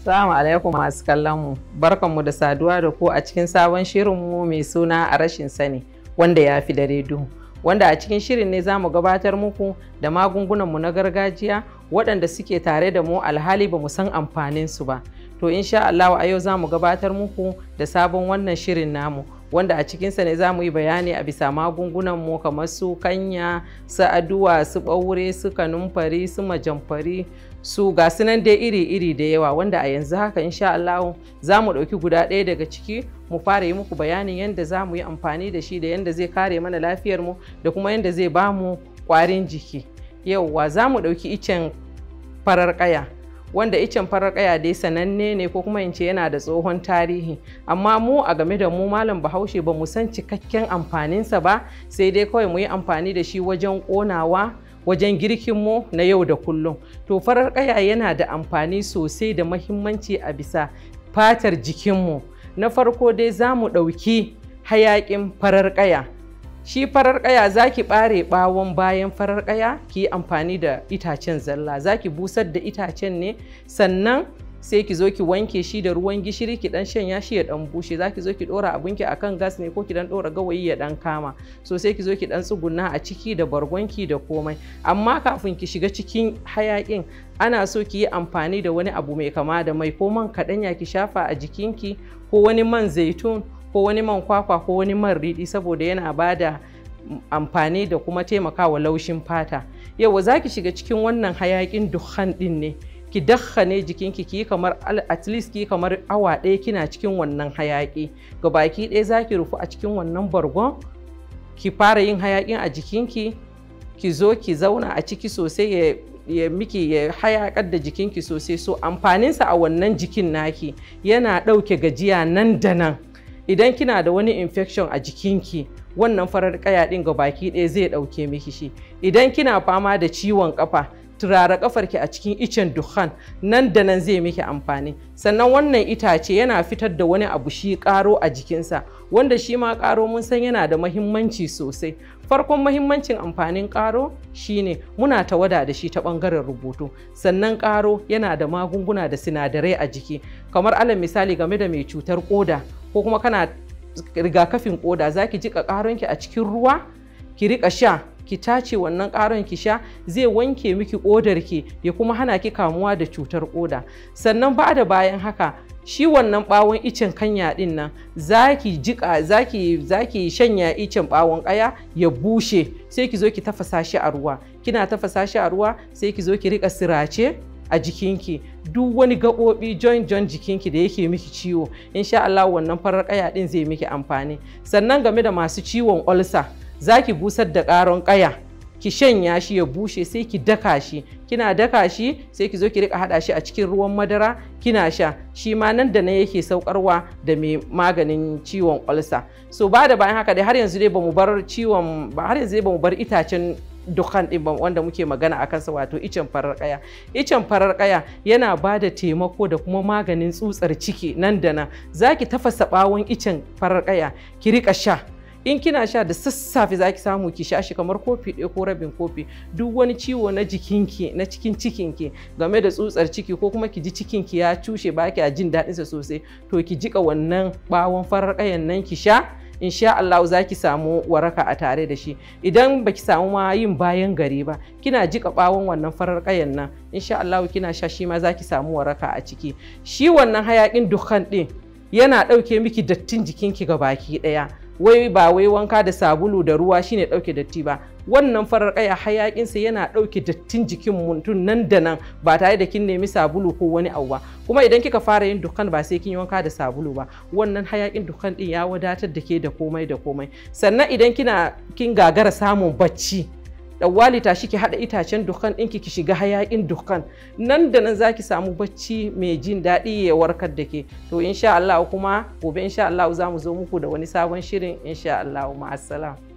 Assalamu alaikum masu kallon mu. Barkanmu da saduwa da ku a cikin sabon shirinmu mai suna a rashin sani wanda ya fi dare duhu. Wanda a cikin shirin ne za mu gabatar muku da magungunanmu na gargajiya waɗanda suke tare da mu alhali ba mu san amfaninsu ba. To insha Allah a yau za mu gabatar muku da sabon wannan shirin namu. wanda a cikinsa ne za mu yi bayani a bisa magungunan mu kamar su kanya su aduwa su ɓaure su kanumfari su majamfari su ga nan dai iri-iri da yawa wanda a yanzu haka insha Allah za mu ɗauki guda ɗaya daga ciki mu fara yi muku bayanin yadda za mu yi amfani da shi da yadda zai kare mana lafiyar mu da kuma yadda zai ba mu ƙwarin jiki yauwa za mu ɗauki icen farar ƙaya wanda icen farar ƙaya dai sananne ne ko kuma in ce yana da tsohon tarihi amma mu a game da mu malam bahaushe ba mu san cikakken amfaninsa ba sai dai kawai mu yi amfani da shi wajen ƙonawa wajen girkinmu na yau da kullum to farar ƙaya yana da amfani sosai da mahimmanci a bisa fatar jikinmu na farko dai za mu ɗauki hayaƙin farar ƙaya. shi farar ƙaya za ki ɓare ɓawon bayan farar ƙaya ki amfani da itacen zalla za ki busar da itacen ne sannan sai ki zo ki wanke shi da ruwan gishiri ki dan shanya shi ya dan bushe za ki zo ki dora abinki kan gas ne ko ki dan dora gawayi ya dan kama so sai ki zo ki dan tsuguna a ciki da bargonki da komai amma kafin ki shiga cikin hayakin ana so ki yi amfani da wani abu mai kama da mai ko man kaɗanya ki shafa a jikinki ko wani man zaitun ko wani man kwakwa ko wani man riɗi saboda yana ba da amfani da kuma taimakawa laushin fata yau za ki shiga cikin wannan hayakin dukkan ɗin ne ki ne jikinki ki kamar at least ki kamar awa ɗaya kina cikin wannan hayaki ga baki ɗaya za ki rufu a cikin wannan bargon ki fara yin hayakin a jikinki ki zo ki zauna a ciki sosai ya ya miki ya hayakar da jikinki sosai so amfaninsa a wannan jikin naki yana ɗauke gajiya nan da nan idan kina da wani infection a jikinki wannan farar kaya din ga baki ɗaya zai ɗauke miki shi idan kina fama da ciwon kafa turara kafarki a cikin icen dukkan nan da nan zai miki amfani sannan wannan itace yana fitar da wani abu shi karo a jikinsa wanda shi ma karo mun san yana da mahimmanci sosai farkon mahimmancin amfanin ƙaro shine muna tawada da shi ta ɓangaren rubutu sannan ƙaro yana da magunguna da sinadarai a jiki kamar alal misali game da mai cutar ƙoda ko kuma kana rigakafin ƙoda za ki jiƙa ƙaronki a cikin ruwa ki riƙa sha ki tace wannan ƙaron ki sha zai wanke miki ƙodarki ya kuma hana ki kamuwa da cutar ƙoda sannan ba da bayan haka shi wannan bawon icen kanya din nan zaki jika zaki zaki shanya icen bawon kaya ya bushe sai ki zo ki tafasa shi a ruwa kina tafasa shi a ruwa sai ki zo ki rika sirace a jikinki duk wani gaɓoɓi joint joint jikinki da yake miki ciwo insha Allah wannan farar kaya din zai miki amfani sannan game da masu ciwon ulcer zaki busar da ƙaron kaya ki shanya shi ya bushe sai ki daka shi kina daka shi sai ki zo ki rika hada shi a cikin ruwan madara kina sha shi ma nan da na yake saukarwa da mai maganin ciwon ƙwalsa. so ba da bayan haka dai har yanzu dai bamu bar ciwon ba har yanzu dai bamu bar itacen dukkan din wanda muke magana a kansa wato icen farar kaya icen farar kaya yana ba da taimako da kuma maganin tsutsar ciki nan da nan zaki tafasa bawon icen farar kaya ki rika sha in kina sha da sassafe za ki samu ki sha shi kamar kofi ɗaya ko rabin kofi duk wani ciwo na jikinki na cikin cikinki game da tsutsar ciki ko kuma ki ji cikinki ya cushe ba ki jin daɗin sa sosai to ki jika wannan ɓawon farar ƙayan nan ki sha insha Allah za ki samu waraka a tare da shi idan baki samu ma yin bayan gari ba kina jika bawon wannan farar kayan nan insha Allah kina sha shi ma za ki samu waraka a ciki shi wannan hayakin dukkan ɗin yana ɗauke miki dattin jikinki ga baki ɗaya wai ba wai wanka da sabulu da ruwa shine dauke datti ba wannan farar kaya hayakinsa yana dauke dattin jikin mutum nan da nan ba tare da kin nemi sabulu ko wani abu ba kuma idan kika fara yin dukan ba sai kin wanka da sabulu ba wannan hayakin dukan din ya wadatar da ke da komai da komai sannan idan kina kin gagara samun bacci ɗauwali tashi ki haɗa itacen dukkan ɗinki ki shiga hayaƙin dukkan nan da nan zaki samu bacci mai jin daɗi ya warkar da ke to insha Allah kuma gobe insha Allah za mu zo muku da wani sabon shirin insha Allah ma'assalam